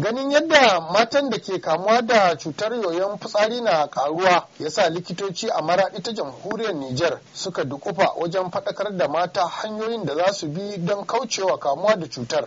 ganin yadda matan da ke kamuwa da cutar yoyon fitsari na karuwa sa likitoci a maraɗi ta jamhuriyar Niger suka dukufa wajen faɗakar da mata hanyoyin da za su bi don kaucewa kamuwa da cutar.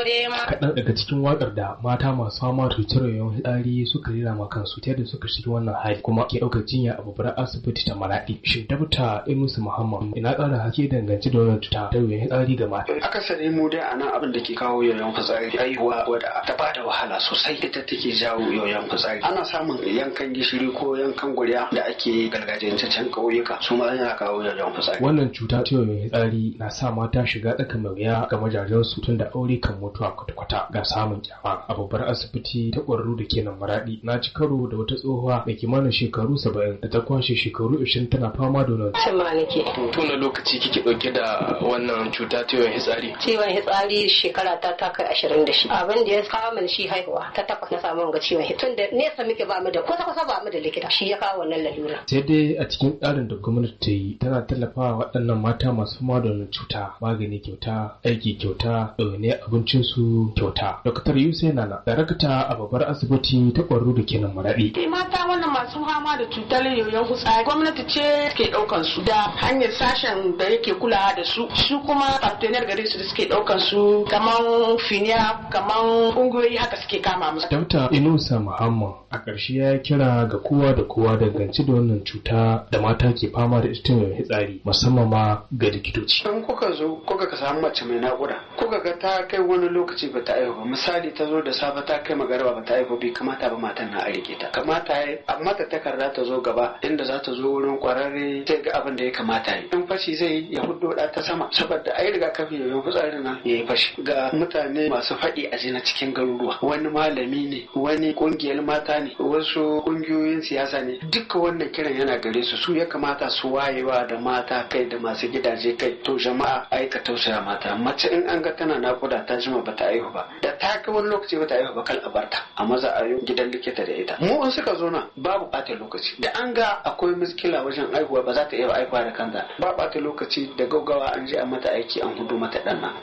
Kaɗan daga cikin wakar da mata masu fama da cutar yoyon fitsari suka rera ma kansu ta yadda suka shiga wannan hali kuma ke ɗaukar jinya a babbar asibiti ta Maraɗi. Shin dabta Inusu Muhammad ina ƙara hake dangance da wannan cuta ta yoyon fitsari ga mata. Akasari mu dai a nan abin da ke kawo yoyon fitsari haihuwa wadda ta ba da wahala sosai ita take jawo yoyon fitsari. Ana samun yankan gishiri ko yankan guriya da ake gargajiyancen ƙauyuka su ma yana kawo yoyon fitsari. Wannan cuta ta yoyon fitsari na sa mata shiga tsaka mai wuya ga majajensu tun da aure kan mutu. mutuwa kwata ga samun kyama a babbar asibiti ta kwararru da ke nan maraɗi na ci karo da wata tsohuwa mai kimanin shekaru saba'in da ta kwashe shekaru ashirin tana fama da nan. Cima nake. Tun da lokaci kike ɗauke da wannan cuta ciwon hitsari. Ciwon hitsari shekara ta ta kai ashirin da shi. Abin da ya kawo min shi haihuwa ta takwas na samun ga ciwon hitsari. Tun da nesa muke ba mu da kusa-kusa ba mu da likita shi ya kawo wannan lalura. Sai dai a cikin tsarin da gwamnati ta yi tana tallafawa waɗannan mata masu fama da cuta magani kyauta aiki kyauta ne abincin ɗauke su kyauta. Dr. Yusuf Nana, darakta a babbar asibiti ta kwaru da kenan maraɗi. Ke eh, mata wannan masu fama da cutar yoyon fitsari gwamnati ce ke ɗaukan su da hanyar sashen da yake kulawa da su. Su kuma partenar gari su da suke ɗaukan su kamar finiya kamar ƙungiyoyi haka suke kama musu. Dr. Inusa Muhammad a ƙarshe ya kira ga kowa da kowa dangance da wannan cuta da mata ke fama da ita mai hitsari musamman ma ga likitoci. In kuka zo kuka ka samu mace mai naƙuda kuka ga ta kai wani wani lokaci ba ta aihu ba misali ta zo da safe ta kai magaraba ba ta aihu bai kamata ba matan na a rike ta kamata ya amma ta takarda ta zo gaba inda za ta zo wurin kwararre sai ga abin da ya kamata yi in fashi zai ya hudo da ta sama saboda ai rigakafi ya yi fitsari na ya yi fashi ga mutane masu faɗi a na cikin garuruwa wani malami ne wani kungiyar mata ne wasu kungiyoyin siyasa ne duka wannan kiran yana gare su su ya kamata su wayewa da mata kai da masu gidaje kai to jama'a aika tausaya mata mace in an ga tana nakuda ta jima bata aihu ba da ta kai wani lokaci bata aihu ba kal a barta a maza a yi gidan likita da ita mu in suka zo na babu ɓata lokaci da an ga akwai miskila wajen aihuwa ba za ta iya aihuwa da kanta ba bata lokaci da gaugawa an je a mata aiki an hudu mata nan